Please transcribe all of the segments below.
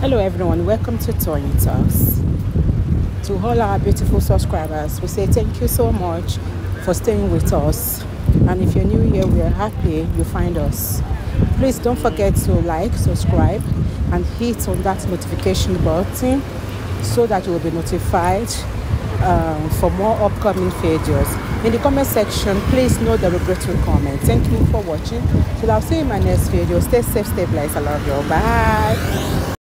hello everyone welcome to Tony Talks to all our beautiful subscribers we say thank you so much for staying with us and if you're new here we are happy you find us please don't forget to like subscribe and hit on that notification button so that you will be notified um, for more upcoming videos in the comment section please note the regretful comment thank you for watching till i'll see you in my next video stay safe stay blessed i love you bye.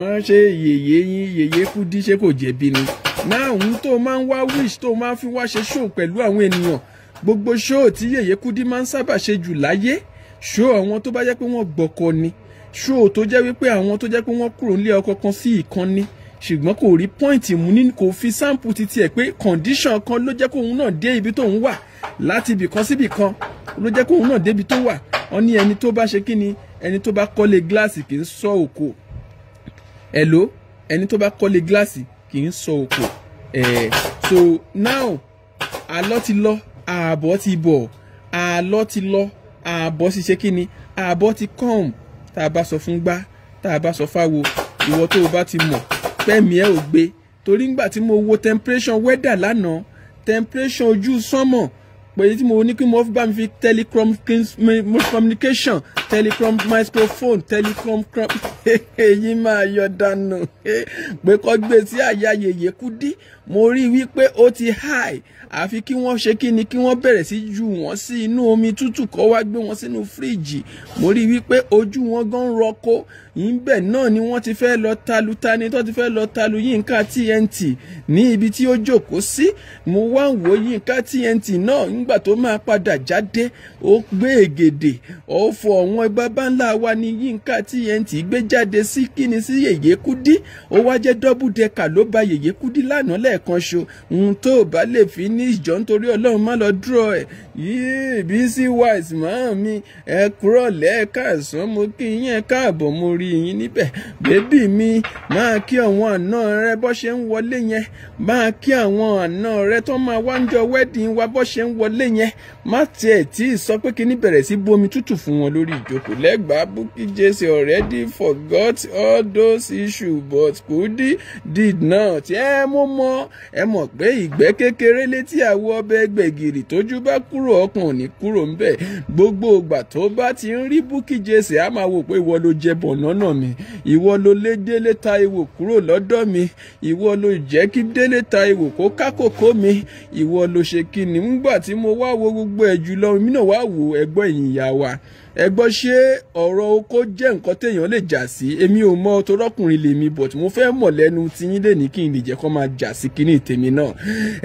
wọ́n ṣe yèyé yín yèyé Kudi ṣé kò jẹ̀bi ni náà òun tó máa ń wá wish tó máa fi wá ṣe show pẹ̀lú àwọn ènìyàn gbogbo show tí yèyé Kudi máa ń sábà ṣe jù láyé show àwọn tó bá jẹ́ pé wọ́n gbọ́kọ ni show tó jẹ́ wípé àwọn tó jẹ́ pé wọ́n kúrò nílé ọkọ kan sí ìkan ni ṣùgbọ́n kò rí pọ́ìntì mú ní kò fi sample títí ẹ̀ pé condition kan ló jẹ́ kóun náà dé ibi tóun wà láti ibì kan síbì kan ló jẹ́ kóun náà débi tó wà wọ́n ní ẹni tó bá ṣe kí ni ẹni tó bá kọ́lé gíláàsì kì í sọ òkò hello ẹni tó bá kọ́lé gíláàsì kì í sọ òkò ẹ̀ so now àlọ́ ti lọ ààbọ̀ ti bọ̀ àlọ́ ti lọ ààbọ̀ ti ṣe kí ni ààbọ̀ ti come tá a bá sọ fún gbá tá a bá sọ fáwo ìwọ tó o bá ti mọ̀ tẹ́mi ẹ ò gbé torí ngbà tí mo wo temperature weather lánàá temperature ojú sánmọ̀ pé tí mo ní kí mo fi bá mi fi telecommunication telecrom microphone telecrom crom èyí máa yọ dànù pé kọ́ gbé sí àyà yèyé kúdí mo rí i wípé ó ti háì àfi kí wọ́n ṣe kí ni kí wọ́n bẹ̀rẹ̀ sí ju wọ́n sí inú omi tútù kọ́ wá gbé wọn sínú fíríjì mo rí i wípé ojú wọn gan rọko ìbẹ̀ náà ni wọ́n ti fẹ́ lọ talu tani tó ti fẹ́ lọ talu Yínká TNT ní ibi tí ó jókòó sí mo wá ń wo Yínká TNT náà nígbà tó máa padà jáde ó gbé ègèdè ó fọ ọ̀hún àwọn baba ńlá wa ni Yínká TNT gbé jáde sí kíni sí Yèyékúdí ó wá jẹ́ dọ́bù dẹkà ló ba Yèyékúdí lánàá lẹ́ẹ̀kan ṣo ohun tó o bá lè fi ní ìjọ nítorí ọlọ́run má lọ dúró ẹ̀ yíì Bísí Wise máa mi ẹ kúrọ̀ lẹ́ẹ̀kàsán mo kí yín káàbọ̀ mo rí yín níbẹ̀ bébì mi máa kí àwọn àna rẹ bọ́ ṣe ń wọlé yẹn máa kí àwọn àna rẹ tó máa wá ń jọ wedding wa bọ́ ṣe ń wọlé yẹn má tiẹ̀ tí ì sọ pé kí ní bẹ̀rẹ̀ sí bomi tútù fún wọn lórí. Joko lẹ́gbàá Bukky Jesse already forgot all those issues but Kudi did not. ẹ mo mọ ẹ mọ̀ pé ìgbẹ́ kékeré létí àwọ̀ ọbẹ̀ gbẹ̀gìrì tójú bá kúrò ọkàn ò ní kúrò ń bẹ̀ gbogbo ìgbà tó bá ti ń rí Bukky Jesse á máa wò pé ìwọ ló jẹ bọ̀nọ́nà mi ìwọ ló lé Délé Táíwò kúrò lọ́dọ̀ mi ìwọ ló jẹ́ kí Délé Táíwò kó kákòkó mi ìwọ ló ṣe kí ni ńgbà tí mo wá wo gbogbo ẹ̀ jùlọ mi náà wá wò ẹgbọ́n ìyìn ìyá wa ẹ gbọ́ ṣé ọ̀rọ̀ oko jẹ́ nǹkan téèyàn lè jà sí èmi ò mọ torọ́kùnrin lèmi but mo fẹ́ mọ̀ lẹ́nu tiyín lè ní kí n lè jẹ́ kó máa jà sí kíní tèmi náà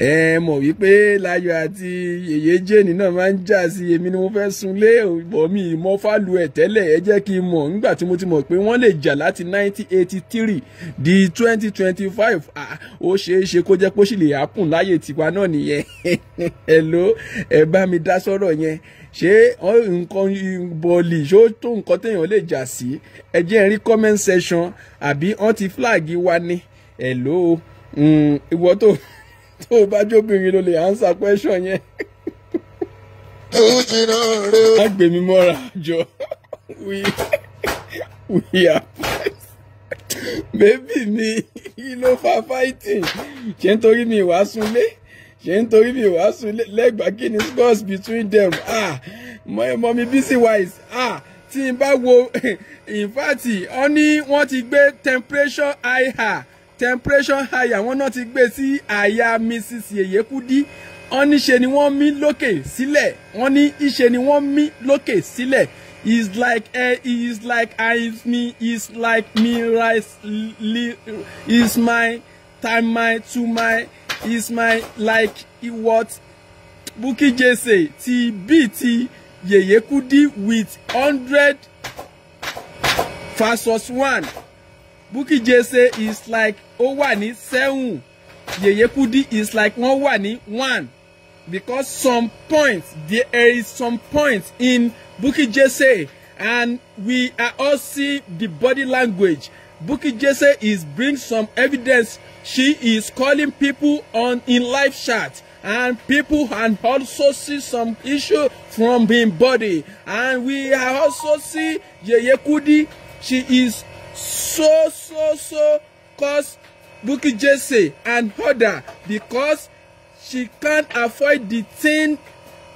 ẹ mọ̀ wípé Láyọ̀ àti yèyé jẹ́ni náà máa ń jà sí èmi ni mo fẹ́ sunlé ìbọn mi ìmọ̀ fálù ẹ̀ tẹ́lẹ̀ ẹ jẹ́ kí n mọ̀ nígbà tí mo ti mọ̀ pé wọ́n lè jà láti 1983 di 2025 ó ṣeé ṣe kó jẹ́ pé ó sì lè hápùn láyè tiwa náà nìyẹn ẹ ló ẹ bá mi dá sọ́rọ̀ yẹn ṣé nǹkan bọ̀ọ̀lì ṣó tó nǹkan téèyàn lè jà sí ẹ jẹ́ rí comment section àbí wọ́n ti flag wa ni hello hmm, ìwọ tó tó bá jóbìnrin ló lè answer question yẹn. wọ́n gbé mi mọ́ra jọ we we are bébì mi kí ló fa fighting ṣé nítorí mi ìwà sunlé ṣe nítorí mi wàá sùn lẹ́gbàá kí ni scores between them ah mọ́mí busy Wise ah tí n bá wo in fact wọ́n ní wọ́n ti gbé temperature higher temperature higher wọ́n náà ti gbé sí àyà Mrs Yeyekudi wọ́n ní ṣe ni wọ́n mí lókè sílẹ̀ wọ́n ní ìṣe ni wọ́n mí lókè sílẹ̀ is like eh, is like I me is like me rise li, is my time my to my Is my like what Bukky Jesse ti bí ti Yèyé Kudi with hundred versus one Bukky Jesse is like ó wà ní seven Yèyé Kudi is like wọ́n wà ní one because some points there is some points in Bukky Jesse and we are all see the body language Buki Jesse is bring some evidence. She is calling people on in live chat and people and also see some issue from him body. And we also see Yeye Kudi. She is so, so, so cause Buki Jesse and other because she can't avoid the thing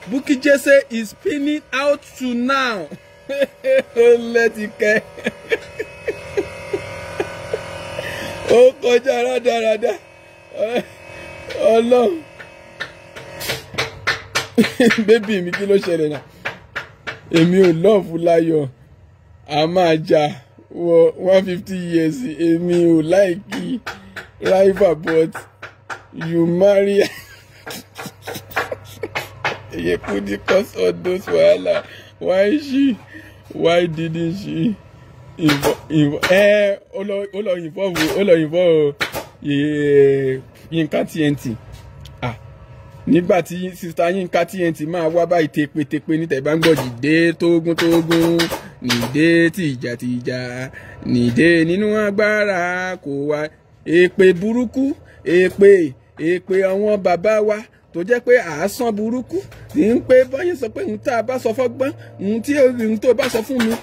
Buki Jesse is pinning out to now. Let it go. ó kọjá rádaràda ọlọ́run bébì mi kí ló ṣẹlẹ̀ náà èmi ò lọ́ọ̀fù láyọ̀ a máa jà wọ one fifty years èmi ò láìkí rival but you marry Yekudi cause all those wahala why she why didn't she ìbọn ìbọn ẹ ó lọ yìnbọn wo ó lọ yìnbọn o Yínká TNT ah nígbà tí sista Yínká TNT máa wá báyìí tepetepe níta ìbá ń gbọ́ dìde tógún tógún nìde tìjàtìjà nìde nínú agbára kò wá èpè burúkú èpè èpè àwọn bàbá wa tó jẹ́ pé àásán burúkú tí ń pé bọ́yìn sọ pé ohun tá a bá sọ fọ́gbọ́n ohun tí ohun tó bá sọ fún mi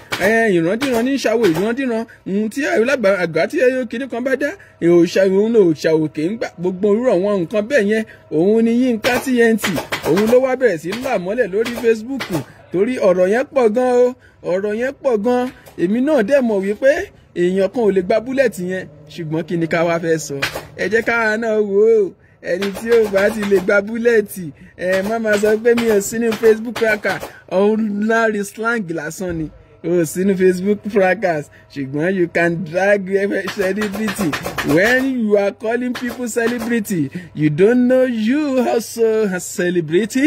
ìrandíran ní ìṣàwò ìrandíran ohun tí àgbà tí kinní kan bá dá òòṣà òun òòṣà òkè gbà gbogbo orú àwọn nǹkan bẹ́ẹ̀ yẹn òun ni Yínká TNT òun ló wá bẹ̀rẹ̀ sí làmọ́lẹ̀ lórí Facebook torí ọ̀rọ̀ yẹn pọ̀ gan o ọ̀rọ̀ yẹn pọ̀ gan èmi náà dẹ̀ mọ̀ wípé èèyàn kan ò lè gba búlẹ̀tì yẹn ṣùgbọ́n kí ni ká wá fẹ́ sọ ẹ jẹ́ ká náà wò ó ẹni tí ò bá ti lè gba búlẹ̀tì ẹ má máa sọ pé mi ò sínú facebook cracker òun láre slang lásán ni ò sínú facebook fracas ṣùgbọ́n you can drag celebrity when you are calling people celebrity you don't know you also a celebrity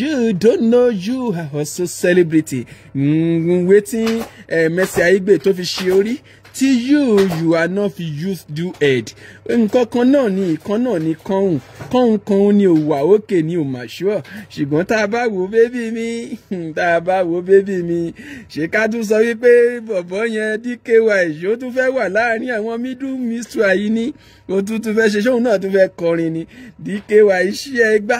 you don't know you also celebrity mm, wetin eh, Mercy Aigbe tó fi ṣe orí tí you you are not fi use do head nǹkan kan náà ni ìkan náà ni kọ́hùn kọ́hùn kan ni ò wà òkè ni ò mà ṣúọ̀ ṣùgbọ́n tá a bá wo bébí mi hmm, tá a bá wo bébí mi ṣé ká tún sọ wípé bọ̀bọ̀ yẹn dky ṣó tún fẹ́ wà láàrin àwọn middle mistress yìí ni òtútù fẹ́ ṣe ṣóun náà tún fẹ́ kọrin ni dky ṣí ẹ gbá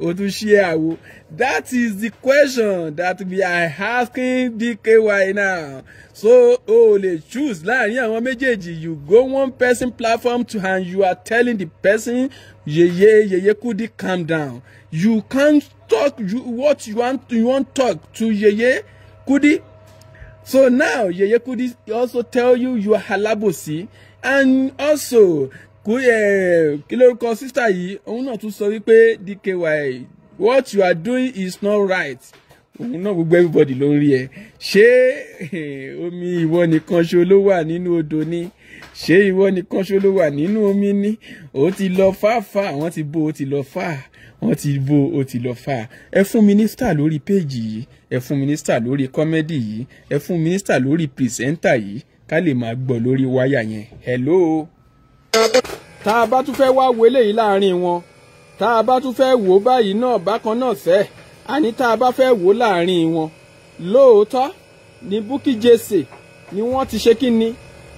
o that is the question that we are asking DKY now so o oh, lè choose láàrin àwọn méjèèjì you go one person platform to and you are telling the person yeye yeye Kudi calm down you can talk you, what you want you want talk to yeye Kudi so now yeye Kudi also tell you you are alabosi and also kú kí lórúkọ sísá yìí òun náà tún sọ wípé DKY what you are doing is not right òun náà gbogbo everybody ló ń rí ẹ ṣé omi ìwọ nìkan ṣo ló wà nínú odò ni ṣé ìwọ nìkan ṣo ló wà nínú omi ni ó ti lọ fáfá wọ́n ti bó ó ti lọ fá wọ́n ti bó ó ti lọ fá ẹ fún mínísítà lórí péèjì yìí ẹ fún mínísítà lórí kọ́mẹ́dì yìí ẹ fún mínísítà lórí pìrìsẹ́ńtà yìí ká lè máa gbọ́ lórí wáyà yẹn hello tá a bá tún fẹ́ wá wo eléyìí láàrin wọn tá a bá tún fẹ́ wò ó báyìí náà bákan náà sẹ́ àní tá a bá fẹ́ wò ó láàrin wọn lóòótọ́ ní Bukky Jesse ni wọ́n ti ṣe kí ni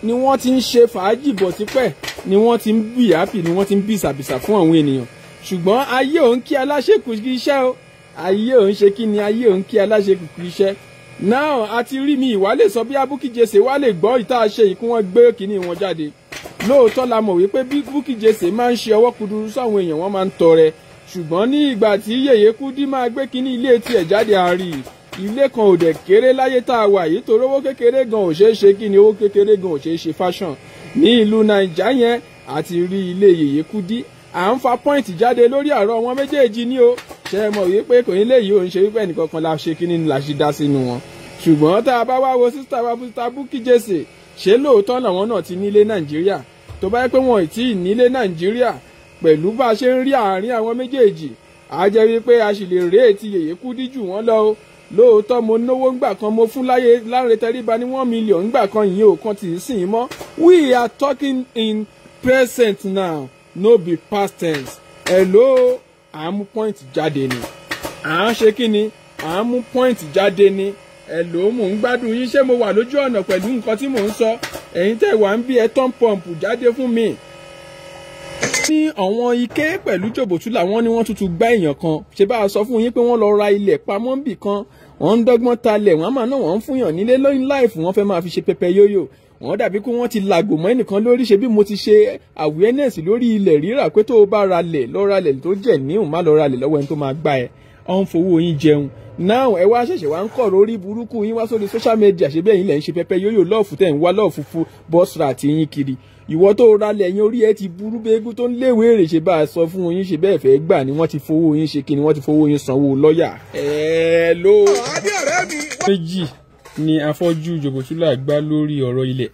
ni wọ́n ti ń ṣe fàájì bọ̀ sípẹ̀ ni wọ́n ti ń bì ápì ni wọ́n ti ń bì sàbìsà fún àwọn ènìyàn ṣùgbọ́n ayé òun kí aláṣekù iṣẹ́ o ayé òun ṣe kí ni ayé òun kí aláṣekù kí iṣẹ́ náà àti rí mi ìwà lè sọ bí Bukky Jesse wá lè gbọ́ ìta ṣe ìkún wọn gbé kínní wọn jáde lóòótọ́ la mọ̀ wípé bí Bukky Jesse máa ń ṣe ọwọ́ kúdurú sáwọn èèyàn wọn máa ń tọrẹ ṣùgbọ́n ní ìgbà tí Yèyé Kúdí máa gbé kínní ilé tiẹ̀ jáde àárí ilé kan ò dẹ̀ kéré láyé tá a wà yìí torí kékeré gan ò ṣeé ṣe kí ni owó kékeré gan ò ṣeé ṣe fashion ní ìlú Naija yẹn àti rí ilé Yèyé Kúdí à ń fa point jáde lórí àárọ̀ wọn méjèèjì ni o ṣe é mọ̀ wípé kò ní léyìí ò ń ṣe wípé ẹnìkankan la ṣe kínní la ṣe dá sínú wọn ṣùgbọ́n tá a bá wá wo sísítà wa Bukky Jesse ṣé lóòótọ́ làwọn náà ti nílé nàìjíríà tó bá yẹ pé wọn ì nílé nàìjíríà pẹ̀lú bá a ṣe ń rí àárín àwọn méjèèjì a jẹ́ wípé a sì lè réètì yèyé kúdí jù wọ́n lọ o lóòótọ́ mo náwó ńgbà kan mo fún láyé láre tẹríba ní one million ńgbà kan yìí ò kan tì í sìn mọ́ we are talking in present now no be past tense hello à ń mú point jáde ni à ń ṣe kí ni à ń mú point jáde ni hello mò ń gbádùn yín ṣé mo wà lójú ọ̀nà pẹ̀lú nǹkan tí mò ń sọ ẹ̀yin tẹ́ wà ń bí ẹ tán pọ̀mpù jáde fún mi. ní àwọn ike pẹ̀lú jòbótú làwọn ni wọ́n tuntun gbá èèyàn kan ṣe bá a sọ fún yín pé wọ́n lọ ra ilẹ̀ pamọ́ nbì kan wọ́n ń dọ́gbọ́n talẹ̀ wọ́n á máa ná wọ́n ń fúnyàn nílé lóyún láìfù wọ́n fẹ́ máa fi ṣe pẹpẹ yóyò wọ́n dàbí pé wọ́n ti làgò mọ́ ẹnìkan lórí ṣe bí mo ti ṣe awareness lórí ilẹ̀ rírà pé tó o bá ra lẹ̀ lọ ra lẹ̀ tó jẹ̀ níhùn má lọ lẹ̀ lọ́wọ́ ẹni tó máa gbá ẹ ọ̀hún fowó yín jẹun náà ẹ wá ṣẹ̀ṣẹ̀ wá ń kọ̀ lórí burúkú yín wá sórí social media ṣe bẹ́ẹ̀ yín lẹ̀ ń ṣe pẹ́pẹ́ yóyò lọ́ọ̀fù tẹ̀ ń wá lọ́ọ̀fù fún bọ́sra àti yín kiri ìwọ tó ra lẹ́yìn orí ẹ ti burú bẹ́ẹ́gù tó ń léwé èrè ṣe bá a sọ fún yín ṣe bẹ́ẹ̀ fẹ́ gbà ni wọ́n ti fowó yín ṣe kí ni wọ́n ti fowó yín sanwó lọ́ọ̀yà. ẹ ló. méjì ni afọ́jú jòbótúlà gbá lórí ọ̀rọ̀ ilẹ̀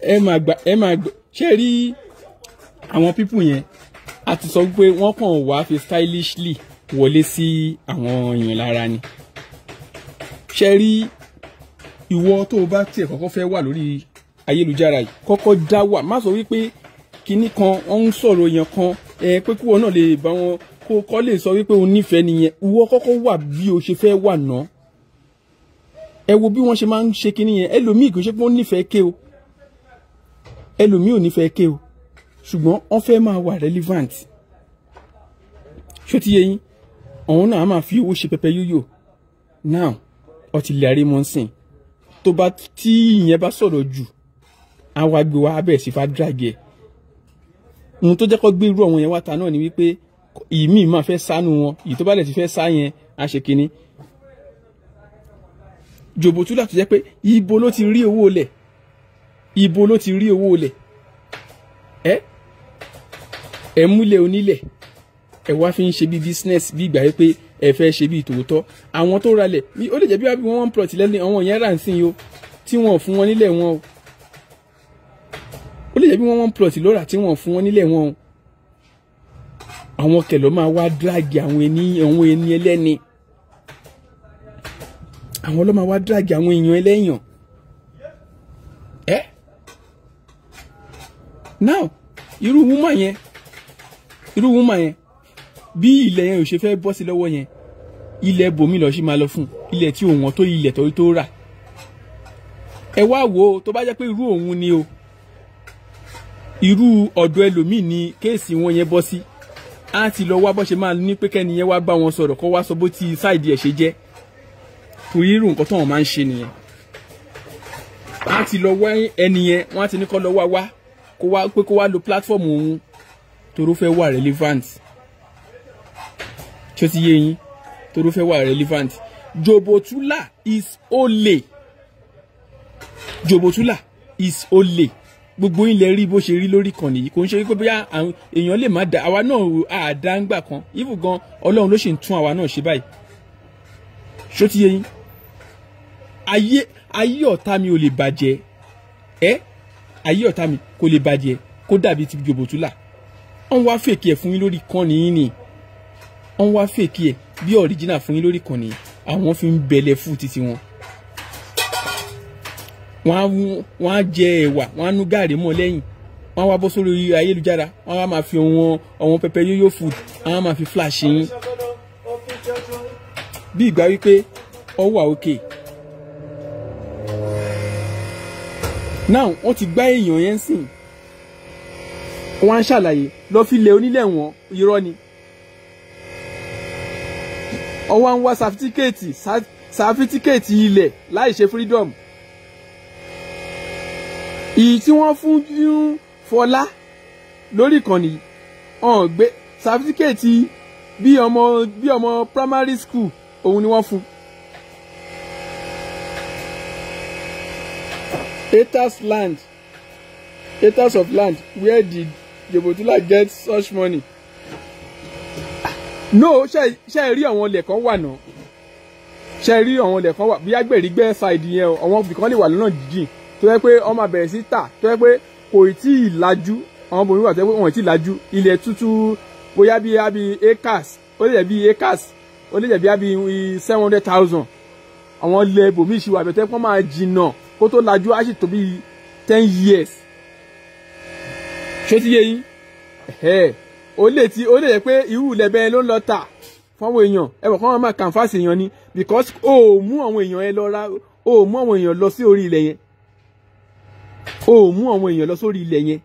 ẹ máa ẹ máa gbà ṣé rí àwọn pípù yẹn a ti sọ pé wọ́n kàn wá fi stylishly wọlé sí àwọn èèyàn lára ni ṣe rí ìwọ tó o bá tiẹ̀ kọ́kọ́ fẹ́ wà lórí ayélujára yìí kọ́kọ́ dá wà má sọ wípé kinní kan wọ́n ń sọ̀rọ̀ yẹn kan ẹ pé kí wọn náà lè bá wọn kó kọ́ lè sọ wípé o nífẹ̀ẹ́ nìyẹn ìwọ kọ́kọ́ wà bí o ṣe fẹ́ wà náà ẹ wo bí wọ́n ṣe máa ń ṣe kinní yẹn ẹlòmíì kò ṣe pé wọ́n nífẹ̀ẹ́ ké o ẹlòmíì ò nífẹ̀ẹ́ ké o ṣùgbọ́n wọ́n fẹ́ máa wà relevant ṣó ti yẹ yín ọ̀hún náà máa fi owó ṣe pẹpẹ yóyò now ọtí lẹ́rí mọ́ sìn tó bá tí ìyẹn bá sọ̀rọ̀ jù àwa gbé wa abẹ́ sí fàdíràgì ẹ̀ ohun tó jẹ́ kó gbé irú àwọn yẹn wá ta náà ni wípé ìmí máa fẹ́ sánú wọn èyí tó bá dẹ̀ ti fẹ́ sá yẹn á ṣe kínní jòbótúlà tó jẹ́ pé ibo ló ti rí owó lẹ̀ ibo ló ti rí owó lẹ̀ ẹ́ eh? ẹ múlẹ̀ onílẹ̀ ẹ wá fi ń ṣe bí business bí ìgbà wípé ẹ fẹ́ ṣe bí tòótọ́ àwọn tó ralẹ̀ ó lè jẹ́ bí wọ́n bí wọ́n plot lẹ́nu àwọn yẹn rà ń sìn yìí o tí wọ́n fún wọn nílẹ̀ wọn o ó lè jẹ́ bí wọ́n wọ́n plot lọ́ra tí wọ́n fún wọn nílẹ̀ wọn o àwọn kẹlọ́ máa wá dráàgì àwọn ẹni àwọn ẹni ẹlẹ́ni àwọn ló máa wá dráàgì àwọn èèyàn ẹlẹ́yàn ẹ́ now irú wúmọ̀ yẹn irú woman yẹn bí ilẹ̀ yẹn ò ṣe fẹ́ bọ́ sí lọ́wọ́ yẹn ilẹ̀ bòmí lọ́ọ́ ṣì máa lọ fún ilẹ̀ tí òun tó ilẹ̀ tó tó rà ẹ wá wò ó tó bá jẹ́ pé irú òun ni o irú ọ̀dọ̀ ẹlòmíì ni kéèsì wọn yẹn bọ́ sí á ti lọ wá bọ́ ṣe máa ní pé kẹ́ni yẹn wá bá wọn sọ̀rọ̀ kó wá sọ bó ti sáìdì ẹ̀ ṣe jẹ́ torí irú nǹkan tó wọn máa ń ṣe nìyẹn á ti lọ wá ẹni yẹn á ti ní kó lọ wá wá kó wá pé kó wá lo pílátífọ̀mù òun toró fẹ́ wà relevant tí ó ti yé yín toró fẹ́ wà relevant jobotula is olè jobotula is olè gbogbo yín lè rí bó ṣe rí lórí kan nìyí kò ń ṣe pé bóyá àwọn èèyàn lè má da àwa náà àdáńgbà kan ifu gan ọlọ́run ló ṣe ń tún àwa náà ṣe báyìí ṣó ti yé yín ayé ayé ọ̀tá mi ò lè bàjẹ́ ẹ́ ayé ọ̀tá mi kò lè bàjẹ́ kó dàbí ti jòbòtúlà wọ́n wá fèkì ẹ̀ fún yín lórí kan nìyí ni wọ́n wá fèkì ẹ̀ bí ọ̀ríjìnà fún yín lórí kan nìyí àwọn fi ń bẹ̀lẹ̀ fún títí wọn. wọ́n á jẹ ẹ̀wà wọ́n á nú gàrí mọ́ lẹ́yìn wọ́n á wá bọ́ sórí ayélujára wọ́n á máa fi ọ̀wọ́n ọ̀wọ́n pẹpẹ yóyó food wọ́n á máa fi flash yín. bí ìgbà wípé ọwọ́ àókè. now wọ́n ti gbá èèyàn yẹn sìn kó wá ń ṣàlàyé lọ fi lé onílẹ̀ wọn irọ́ ni ọwọ́ ń wá sàfitíkẹ́ẹ̀tì sàfitíkẹ́ẹ̀tì ilẹ̀ láì ṣe freedom ìyí tí wọ́n fún yún fọlá lórí ìkànnì ọ̀hún gbé sàfitíkẹ́ẹ̀tì bí ọmọ bí ọmọ primary school òun ni wọ́n fún. acres land acres of land where the Jebotula get such money. No, ṣe ṣe rí àwọn ilẹ̀ kan wà náà. Ṣe rí àwọn ilẹ̀ kan wà bí agbèrígbẹ́ ṣáìdì yẹn o, àwọn ibìkan lè wà lọ́nà jíjìn tó yẹ pé wọ́n máa bẹ̀rẹ̀ sí tà tó yẹ pé kò tí ì lajú àwọn obìnrin wà tó yẹ pé wọ́n tí ì lajú ilẹ̀ tútù bóyá bíi abi acres ó lè jẹ́ bíi acres ó lè jẹ́ bíi abi seven hundred thousand àwọn ilẹ̀ ibòmíì ṣì wà bẹ̀rẹ̀ tó yẹ pé wọ́n máa jìnnà kó tó lajú á sì tó bíi ten years ṣé ti yé yín ó lè ti ó lè yẹ pé irú lẹ́bẹ̀ ló ń lọ tà fáwọn èèyàn ẹ bọ̀ fáwọn máa kàǹfàṣì èèyàn ni because o ò mú àwọn èèyàn ẹ lọ ra o ò mú àwọn èèyàn lọ sí orí ilẹ̀ yẹn o ò mú àwọn èèyàn lọ sórí ilẹ̀ yẹn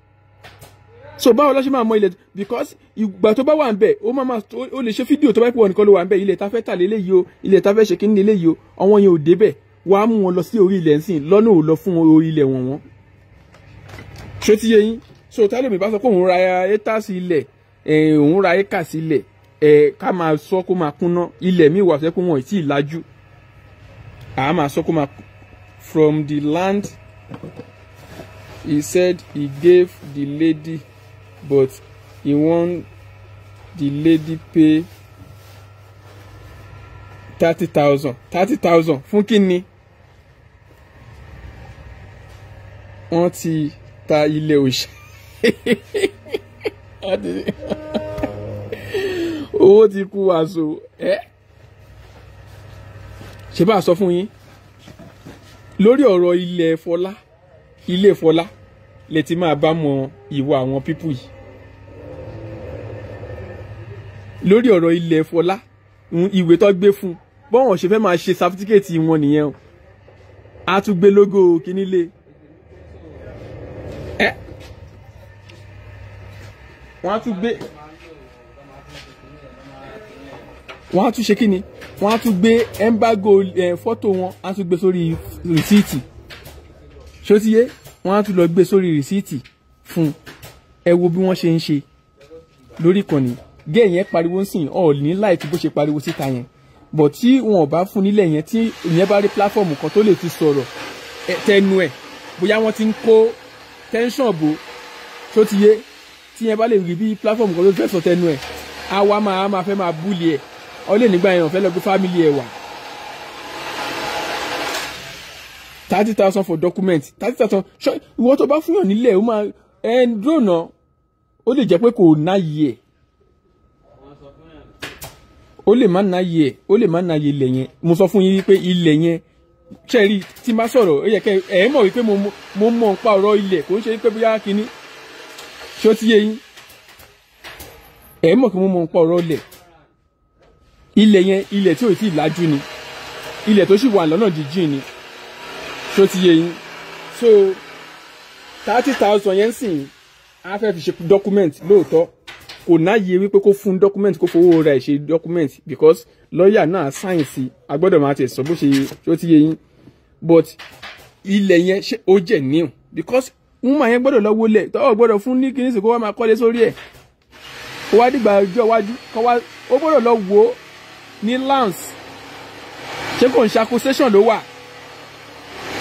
so báwo lọ́ọ́ ṣe máa mọ ilẹ̀ because ìgbà tó bá wà ń bẹ̀ ó máa máa ó lè ṣe fídíò tó bá pọ̀ nìkan ló wà ń bẹ̀ ilẹ̀ tá fẹ́ tà léléyìí o ilẹ̀ tá fẹ́ ṣe kí ní léléyìí o àwọn yẹn ò débẹ̀ wà á mú wọn lọ sí orí ilẹ̀ ńsìn lọ́nà ò lọ fún orí ilẹ̀ wọ̀n wọn ṣé ti yé yín so tẹ́lẹ̀ mi bá sọ pé òun ra étà sí ilẹ̀ eh, òun ra éka sí ilẹ̀ eh, ká máa sọ kó máa kúnná ilẹ̀ mi wà sẹ́kùn wọn ìtì ìlàjú àá máa sọ kó máa from the land he said he gave the lady but he won the lady pay thirty thousand thirty thousand fún kínní wọ́n ti ta ilé òòṣà. owó ti kú aṣọ ẹ ṣe bá a sọ fún yín lórí ọ̀rọ̀ ilé Fọlá ilé Fọlá lè ti máa bá mọ ìwà àwọn pípù yìí lórí ọ̀rọ̀ ilé Fọlá ìwé tó gbé fún bọ́wọ̀n ṣe fẹ́ máa ṣe sáfítíkẹ́ẹ̀tì wọn nìyẹn o a tún gbé lógo kínílé wọ́n á tún gbé wọ́n á tún ṣe kíni wọ́n á tún gbé embargo fọ́tò wọn á tún gbé sórí rìsíìtì ṣó ti yé wọ́n á tún lọ gbé sórí rìsíìtì fún ẹ wo bí wọ́n ṣe ń ṣe lórí ìkànnì géè yẹn pariwo ń sìn ọ ní láìkí bó ṣe pariwo síta yẹn bọ̀ tí wọn ò bá fún nílẹ̀ yẹn tí ìyẹn bá rí pláfọ́ọ̀mù kan tó lè fi sọ̀rọ̀ tẹnu ẹ̀ bóyá wọ́n ti ń kó tẹ́ńsàn bò tó ti yé tí yẹn bá lè rí bí platform kan ló fẹ́ sọ tẹnu ẹ̀ á wá máa á máa fẹ́ máa búlì ẹ̀ ọ lè nígbà yẹn fẹ́ lọ gbé fámìlì ẹ̀ wà. thirty thousand for document thirty thousand ṣọ ìwọ tó bá fún yàn nílẹ̀ ó máa ẹ̀ ń dúró náà ó lè jẹ́ pé kò náyè ẹ̀ ó lè má náyè ẹ̀ ó lè má náyè ilẹ̀ yẹn mo sọ fún yín wípé ilẹ̀ yẹn ṣẹ́ẹ̀rí tí má sọ̀rọ̀ ó yẹ kẹ́ ẹ̀ mọ̀ wípé mo mọ̀ nípa ọ̀rọ̀ ilẹ̀ kò ń ṣe pé bóyá kínní ṣé ó ti yé yín ẹ̀ mọ̀ kí mo mọ nǹkan ọ̀rọ̀ lẹ̀ ilẹ̀ yẹn ilẹ̀ tí ò tí ì lájú ni ilẹ̀ tó sì wà lọ́nà jíjìn ni ṣó ti yé yín so thirty thousand yẹn sìn á fẹ́ fi ṣe document lóòótọ́ kò náàyè wípé kó fún document kó fowó rẹ̀ ṣe document because lọ́ọ̀yà náà sáyìn sí agbọ́dọ̀ máa tẹ̀ sọ bó ṣe ṣó ti yé yín but ilẹ̀ yẹn ṣé ó jẹ́ new because wúmà yẹn gbọ́dọ̀ lọ wọlé tọ́wọ́ gbọ́dọ̀ fún ní kíní sìnkú wá máa kọ́lé sórí ẹ̀ kó wá dìgbà ọjọ́ iwájú kó wá ó gbọ́dọ̀ lọ wò ó ní lance ṣé kò ń ṣe accusation ló wà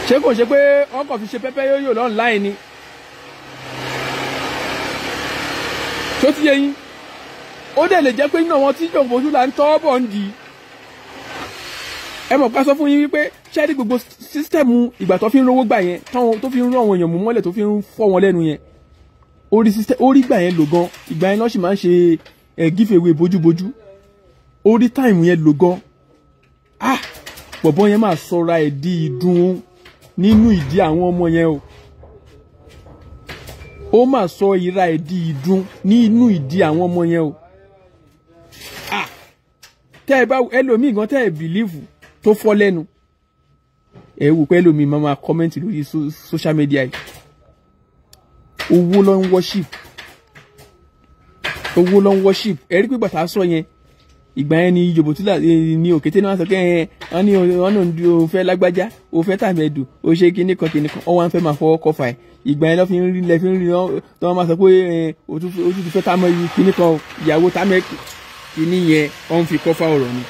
ṣé kò ń ṣe pé wọ́n kàn fi ṣe pẹ́pẹ́ yóò lọ́n láì ni tó ti yẹ yín ó dẹ̀ lè jẹ́ pé náà wọn tí jọ̀ǹbọ̀ṣù là ń tọ́ bọ̀ ń dì í ẹ mọ̀ pa sọ fún yín wípé ṣẹ́ẹ́rì gbogbo sísítẹ́ẹ̀mù ìgbà tó fi ń rówó gbà yẹn táwọn tó fi ń rán àwọn èèyàn mú mọ́lẹ̀ tó fi ń fọ́ wọn lẹ́nu yẹn orí sísítẹ́ orí gbà yẹn lò gan ìgbà yẹn lọ́sì máa ń ṣe ẹ̀ gífèwé bójúbójú orí táìmù yẹn lò gan ah bọ̀bọ́ yẹn máa sọra ẹ̀ di ìdun nínú ìdí àwọn ọmọ yẹn o ó máa sọ ìra ẹ̀ di ìdun nínú ìdí àwọn ọmọ yẹn o ah tẹ́ ẹ bá ẹlòmíì gan tẹ́ ẹ bìlíìfù tó fọ́ lẹ́nu ẹ wò pé lómi máa máa kọ́mẹ́ǹtì lórí social media yìí owó ló ń worship owó ló ń worship ẹ rí pé bàtà sọ yẹn ìgbà yẹn ni jòbótúlà eh, ni òkété náà sọ pé ẹ eh, wọn ní wọn náà ń fẹ́ lágbájá o fẹ́ tàmẹdù o ṣe kíní kan kíní kan ọwọ à ń fẹ́ máa fọwọ́ kọfà ẹ ìgbà yẹn lọfi ń rí lẹfi ń rí tí wọn máa sọ pé eh, ẹ o tún fẹ́ tàmẹ kíní kan ìyàwó tàmẹ kíní yẹn ọ fi kọfà ọ̀rọ̀ ni.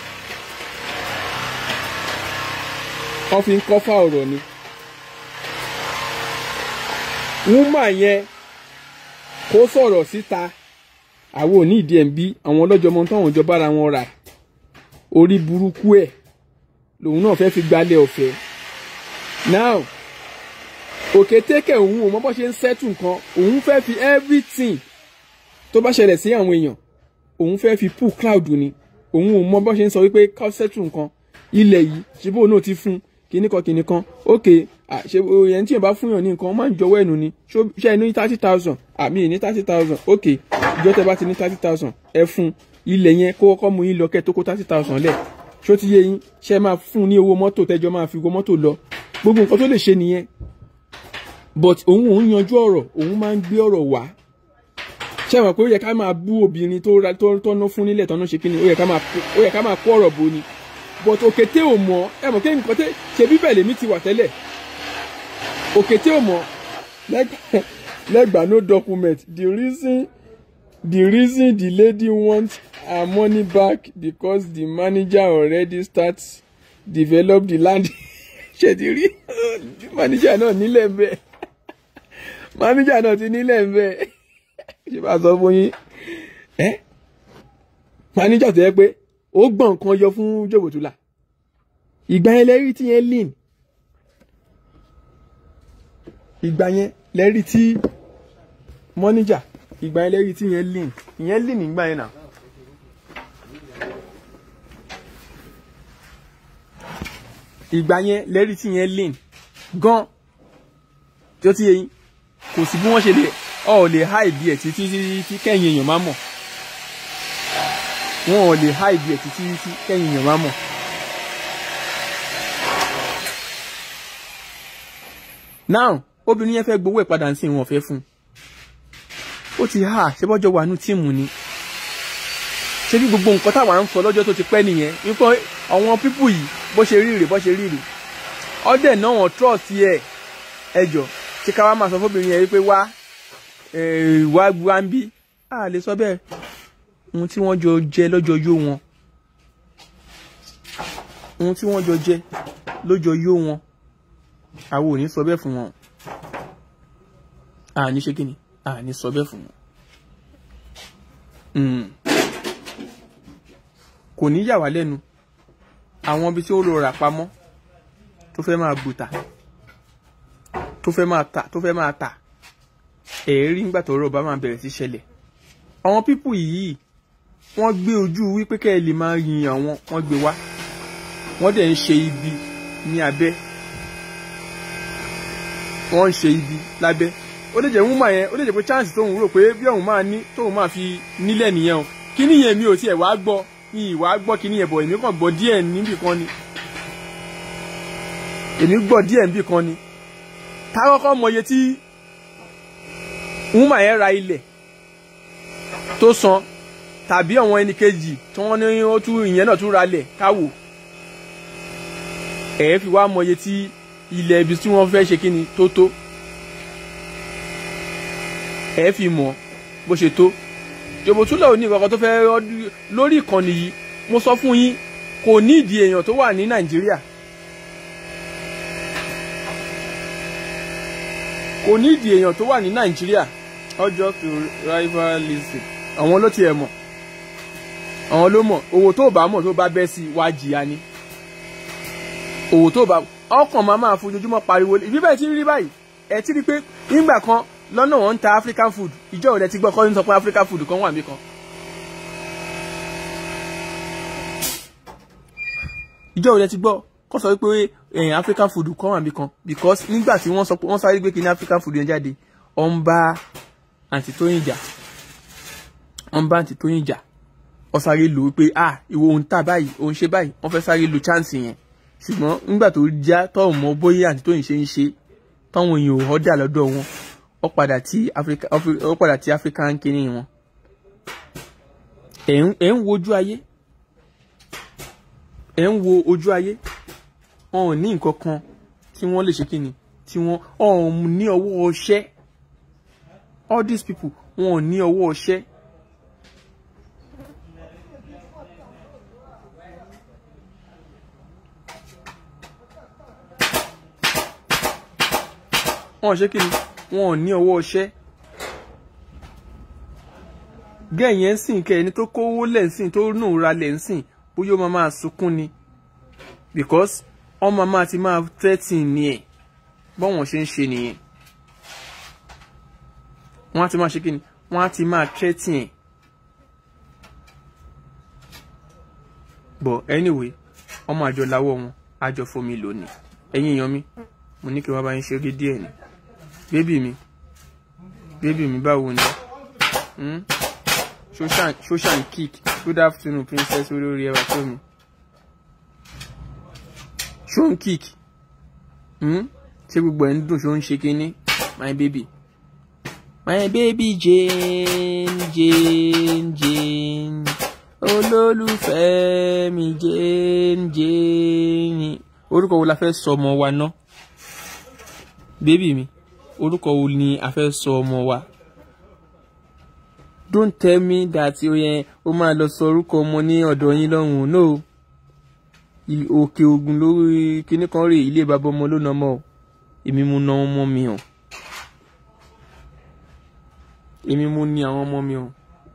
wọ́n fi ń kọ́fà ọ̀rọ̀ ni wúmà yẹn kó sọ̀rọ̀ síta àwọn ò ní ìdí ẹ̀ ń bí àwọn ọlọ́jọ́ ọmọ táwọn ìjọba ara wọn rà orí burúkú ẹ̀ lòun náà fẹ́ẹ́ fi gbalẹ̀ ọ̀fẹ́ now òkétékè òun ò mọ bó ṣe ń sẹ́tù nǹkan òun fẹ́ẹ́ fi everything tó bá ṣẹlẹ̀ sí àwọn èèyàn òun fẹ́ẹ́ fi pull cloud ni òun ò mọ bó ṣe ń sọ wípé ká sẹ́tù nǹkan ilẹ̀ yìí ṣíbò náà ti fún un kìnnìkan kìnnìkan okay ṣe ẹni tí yẹn bá fún yàn ní nǹkan ọmọ ìjọwọ́ ẹnu ni ṣe ẹni ní thirty thousand àmì ní thirty thousand okay ìjọ tẹ bá ti ní thirty thousand ẹ fún ilẹ̀ yẹn kó kọ́kọ́ mú yín lọ kẹ́ tó kó thirty thousand lẹ̀ ṣó ti yé yín ṣe máa fún ní owó mọ́tò tẹ́jọ́ máa fi owó mọ́tò lọ gbogbo nǹkan tó lè ṣe nìyẹn but òun òun yanjú ọ̀rọ̀ òun máa ń gbé ọ̀rọ̀ wá ṣe àwọn pé ó yẹ ká máa bú obìnrin tó tọ́nà fún nílẹ̀ tọ́nà ṣe kí ni ó yẹ ká máa kó ọ̀rọ̀ bo ni but òkété ò mọ̀ ẹ mọ̀ kí nǹkan tẹ ṣe bíbẹ̀ lèmi ti wà tẹ́lẹ̀ òkété ò mọ̀ lẹ́gbàá no document the reason the reason the lady wants her money back because the manager already start develop the land ṣètìrí manager náà nílẹ̀ ń bẹ̀ manager náà ti nílẹ̀ ń bẹ̀ ṣé bá sọ fún yín manager tó yẹ pé ó gbọ̀n nǹkan yọ fún jòbòtúlà ìgbà yẹn lẹ́rí tí yẹn lean ìgbà yẹn lẹ́rí tí mọ́níjà ìgbà yẹn lẹ́rí tí yẹn lean ìyẹn lean ìgbà yẹn náà. ìgbà yẹn lẹ́rí tí yẹn lean gan tí ó ti yẹ yín kò sí bí wọ́n ṣe lè ọ̀ lè háìdí ẹ̀ títí tí kẹ́yìn èèyàn máa mọ̀ wọn ò lè háìdì ẹ̀ títí títí kẹ́yìn èèyàn má mọ̀. now obìnrin yẹn fẹ́ gbowó ẹ̀ padà sí wọn fẹ́ fún ó ti há ṣebọ́jọ́ wà nú tíìmù ni ṣé bí gbogbo nǹkan táwa ń sọ lọ́jọ́ tó ti pẹ́ nìyẹn wípé àwọn pípù yìí bó ṣe rí rè bó ṣe rí rè ọdẹ náà wọn trust yẹ ẹjọ tí káwá máa sọ fóbìnrin yẹn wípé wá wá wá ń bí a lè sọ bẹ́ẹ̀ ohun tí wọ́n jọ jẹ lọ́jọ́ yó wọn ohun tí wọ́n jọ jẹ lọ́jọ́ yó wọn àwọn ò ní sọ bẹ́ẹ̀ fún wọn àní ṣe kíni àní sọ bẹ́ẹ̀ fún wọn hmm. kò ní yà wá lẹ́nu àwọn ibi tí ó lọ rà pamọ́ tó fẹ́ máa bùtà tó fẹ́ máa tà tó fẹ́ máa tà ẹ̀ẹ́rí nígbà tó rọ̀ bá máa bẹ̀rẹ̀ sí ṣẹlẹ̀ àwọn pípù yìí wọ́n gbé ojú wípé kẹ́ ẹ lè máa yin àwọn wọ́n gbé wá wọ́n dẹ̀ ń ṣe ibi ní abẹ́ wọ́n ń ṣe ibi lábẹ́ ó lè jẹ́ wúmà yẹn ó lè jẹ́ pé chance tóun rò pé bí òun máa ní tóun máa fi nílẹ̀ nìyẹn o kíní yẹn mi ò tiẹ̀ wá gbọ́ mi ì wá gbọ́ kíní yẹn bọ̀ èmi kàn gbọ́ díẹ̀ níbì kan ni èmi gbọ́ díẹ̀ níbì kan ni ká kọ́kọ́ mọ iye tí wúmà yẹn ra ilẹ̀ tó san tàbí àwọn ẹnì kejì tí wọ́n ní ó tún ìyẹn náà tún ralẹ̀ káwò ẹ̀ fi wá mọye tí ilẹ̀ ibi tí wọ́n fẹ́ ṣe kí ni tó tó ẹ̀ fi mọ̀ bó ṣe tó jòbótúlẹ̀ ò ní ìkọ̀kọ̀ tó fẹ́ lórí ìkànnì yìí mo sọ fún yín kò ní ìdí èèyàn tó wà ní Nàìjíríà kò ní ìdí èèyàn tó wà ní Nàìjíríà ọjọ́ kìí rival list àwọn ló tiẹ̀ mọ̀ àwọn ló mọ̀ owó tó bá mọ̀ tó bá bẹ́ sí wá jìyà ni owó tó bá ọkàn máa máa fojoojúmọ́ pariwo ibi bẹ́ẹ̀ ti rí báyìí ẹ ti rí pé nígbà kan lọ́nà wọn ń ta African food ìjọ òde ti gbọ́ kọ́ ní sọ pé African food kan wà mí kan. ìjọ òde ti gbọ́ kọ́ sọ pé ẹ̀yìn African food kan wà mí kan because nígbà tí wọ́n sọ pé wọ́n sáré gbé kí ní African food yẹn jáde ọ̀n bá àǹtí Tóyìn jà ọ̀n bá Tóyìn jà wọ́n sáré lò ó ah ìwọ òun tà báyìí òun ṣe báyìí wọ́n fẹ́ sáré lo chance yẹn ṣùgbọ́n nígbà tó já tọ́ọ̀ mọ bóyá àti tóyìn ṣe ń ṣe táwọn èèyàn ò họ́dà lọ́dọ̀ wọn ó padà tí Africa ó padà tí Africa ń kíní wọn. ẹ̀ ń wo ojú ayé ẹ̀ ń wo ojú ayé wọn ò ní nǹkan kan tí wọ́n lè ṣe kíni tí wọ́n ọ̀hún ní ọwọ́ ọṣẹ́ all these people wọn ò ní ọwọ́ ọṣẹ́ wọn ṣe kí ni wọn ò ní ọwọ́ ọṣẹ́ gẹ̀yẹ́ ń sìn kẹ́ ẹni tó kówó lẹ̀ ń sìn tó nùra lẹ̀ ń sìn bóyá ó máa máa sunkún ni because ọmọ máa ti máa thirteen ni ẹ̀ bọ́wọ̀n ṣe ń ṣe nìyẹn wọ́n á ti máa ṣe kí ni wọ́n á ti máa thirteen ẹ̀ but anyway ọmọ àjọ làwọ̀ wọn àjọ fomi lónìí ẹ̀yin èèyàn mi mo ní kí wọ́n bá yín ṣeré díẹ̀ ni bébì mi bébì mi báwo ni ṣóṣà hmm? ń kick good afternoon princess olórí ẹwà tó mi ṣó ń kick hmm? ṣé gbogbo ẹ̀ ń dùn ṣó ń ṣe kínní my baby my baby jane jane jane olólùfẹ́ mi jane jane orúkọ wo la fẹ́ sọ ọmọ wa ná bébì mi orúkọ wo ni a fẹ́ sọ ọmọ wa don't tell me that o yẹn o máa lọ sọ orúkọ ọmọ ní ọ̀dọ̀ yín lọ́hùn no òkè ògùn lórí kinní kan rè ilé bàbá ọmọ ló nà ọmọ o èmi mo nà ọmọ mi hàn èmi mo ní àwọn ọmọ mi hàn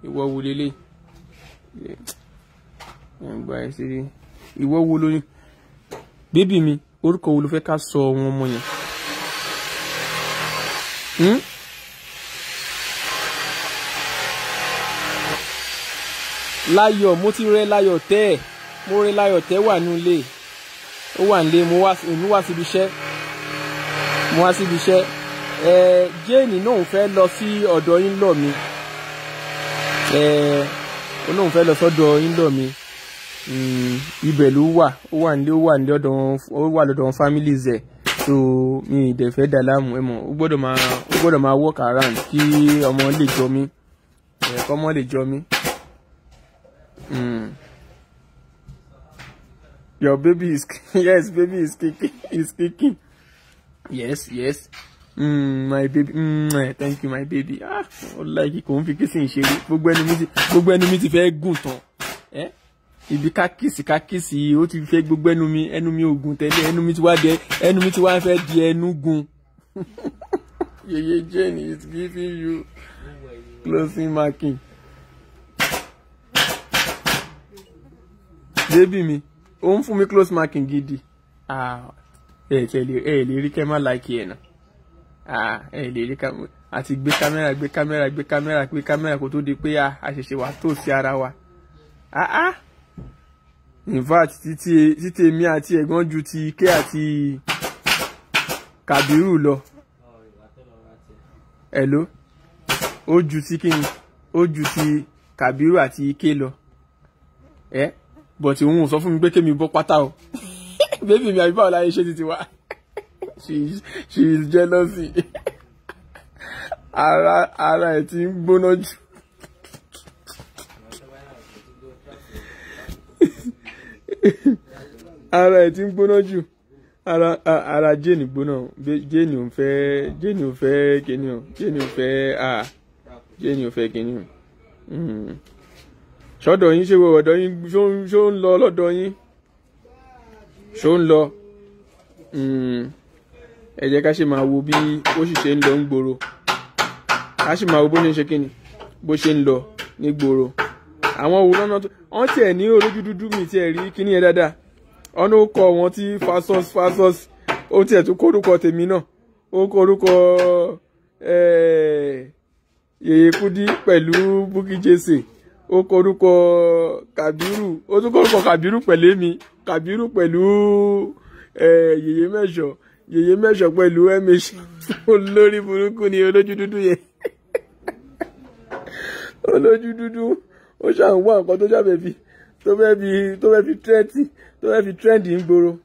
ìwọ wo lélẹ̀ gba ẹ sí ìwọ wo lóyún bébì mi orúkọ wo ló fẹ́ ká sọ ọmọ ọmọ yẹn. Hmm? láyọ̀ mo ti rẹ láyọ̀ tẹ́ ẹ̀ mo rẹ láyọ̀ tẹ́ wà ní ilé ó wà nílé mo wá èmi wá síbi iṣẹ́ mo wá síbi iṣẹ́ ẹ jane náà fẹ́ lọ sí ọ̀dọ̀ yín lọ mi ẹ ó náà fẹ́ lọ sọ́dọ̀ yín lọ mi hmm, ibẹ̀ ló wà ó wà nílé ó wà nílé ọ̀dọ̀ ó wà lọ́dọ̀ fámìlì zẹ̀ so mi ìdẹ̀ fẹ́ dà láàmú ẹ mọ̀ ó gbọ́dọ̀ máa ó gbọ́dọ̀ máa work around kí ọmọ lè jọ mí kọ́mọ lè jọ mí. Hmm. Your baby is yes baby is kicking is kicking yes yes mm, my baby mm, thank you my baby ah ó láìkí kò ń fi kí sì ń ṣeré gbogbo ẹni mi ti fẹ́ gùn tán ibi kákìsì kákìsì ó ti fẹ́ gbogbo ẹnu mi ẹnu mi ògùn tẹ́lẹ̀ ẹnu mi ti wá dé ẹnu mi ti wá fẹ́ di ẹnu gun yeye jane is giving you closing marking débì mi ó ń fún mi close marking gidi ẹ ẹ lè rí kẹ́ má láìkì ẹ̀ nà ẹ lè rí kẹ́ àti gbé kámẹ́rà gbé kámẹ́rà gbé kámẹ́rà gbé kámẹ́rà kó tó di pé a ṣẹ̀ṣẹ̀ wà tó sí ara wa. Ah, ah in fact títí èmi àti ẹ̀gbọ́n ju ti ike àti kàbírù lọ ẹ̀ló ó ju ti kíni ó ju ti kàbírù àti ike lọ ẹ bọ̀tì òun ò sọ fún mi pé kémi bọ́ pátá o bébì mi àbí báwo láyé ṣe ti ti wá she is jealousy ara ara ẹ̀ ti ń gbóná jù. ara ẹ̀ ti ń gbóná jù ara ara jane gbóná jane ò fẹ́ jane ò fẹ́ kíní o jane ò fẹ́ a jane ò fẹ́ kíní o hmm. ṣọ́dọ̀ yín ṣé wọ̀dọ̀ yín ṣó ń lọ lọ́dọ̀ yín ṣó ń lọ hmm. ẹ jẹ́ ká ṣe máa wo bí ó sì ṣe ń lọ ń gbòòrò ká sì máa wo bó ṣe ń ṣe kíni bó ṣe ń lọ ní gbòòrò àwọn wo lọ́nà tó wọ́n tiẹ̀ ní olójú dúdú mi tiẹ̀ rí kíní yẹn dáadáa ọ̀nà ó kọ wọn tí fasos fasos ó tiẹ̀ tún kórúkọ tèmi náà ó kórúkọ yèyé kúdí pẹ̀lú bukki jese ó kórúkọ kàbírù ó tún kórúkọ kàbírù pẹ̀lú èmi kàbírù pẹ̀lú yèyé mẹ́jọ yèyé mẹ́jọ pẹ̀lú mh olórí burúkú ni olójú dúdú yẹn olójú dúdú. o ṣàwọn wá nǹkan to ṣàfẹ́ bi to fẹ́ bi to fẹ́ bi trẹ́ǹtì bi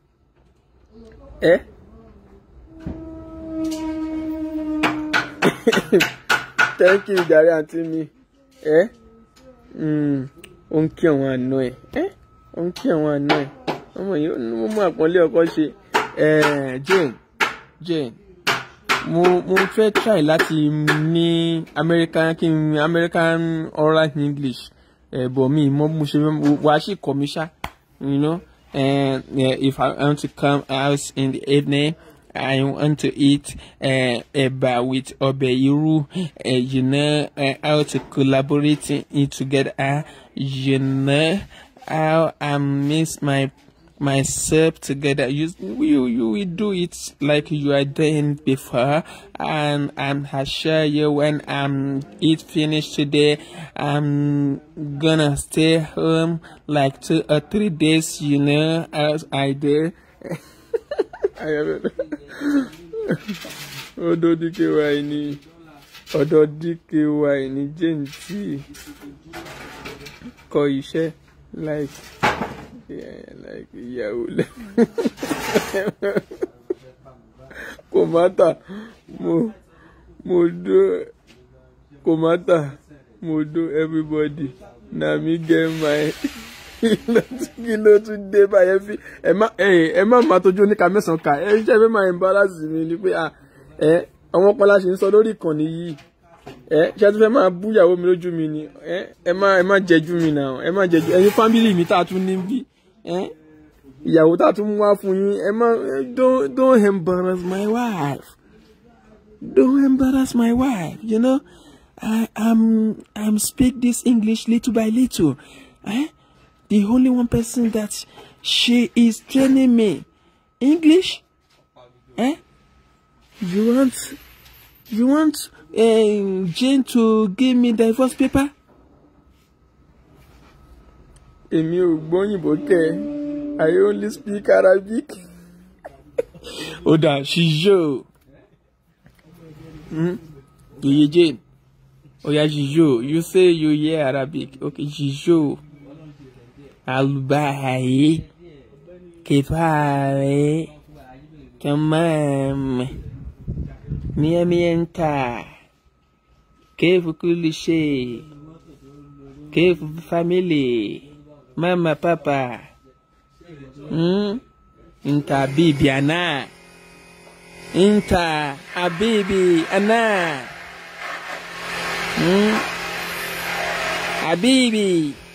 thank you jàre àǹtí mi ẹ́ o hmm, n kí àwọn àna ẹ̀ ẹ́ o n kí àwọn àna ọmọ yìí ó mú àpọ́nlé ọkọ ṣe Jane Jane mo mo fẹ́ try láti ní American kí n American oral English ẹ̀bọ̀ mi mọ́ mo ṣe wàá sì kọ́ mi you know and uh, eh, eh, if I want to come out in the evening I want to eat uh, eba with ọbẹ̀ irú uh, you know uh, how to collaborate in, together uh, you know how I miss my myself together. You, you, you will do it like you are doing before. And I'm assure you when I'm it finished today, I'm gonna stay home like two or three days, you know, as I did. I haven't. Odo DKY ni. Odo DKY ni. Jenti. Kọ like. Yeah, like ìyàwó lẹ́nu kò má tà mo mo do kò mo do everybody na mi get my kilo ló tún dé báyẹn fi ẹ má ẹ má má tójú oníka mẹ́sàn-án ká ẹ ṣe fẹ́ máa embarrass mi ni pé ah, ẹ àwọn kan láti ń sọ lórí ìkànnì yìí ẹ ṣe àti fẹ́ máa bú ìyàwó mi lójú mi ni ẹ má ẹ má jẹjú mi náà ẹ má jẹjú ẹyin fámìlì mi tá a tún ní Eh? ìyàwó tá a tún mú wá fún yín ẹ má don't don't embarrass my wife don't embarrass my wife you know I am I'm, I'm speak this English little by little eh? the only one person that she is training me English eh? you want you want um, Jane to give me divorce paper èmi ò gbóyìnbó kẹ I only speak Arabic ó dà ṣíṣó yeye hmm? jane oya oh, ṣíṣó you say you hear Arabic okay ṣíṣó alubahaye kefaare kamaame miamienta kefu kulishe kefu family mama papa hmm. nta bibi ana nta habibi ana Hmm. habibi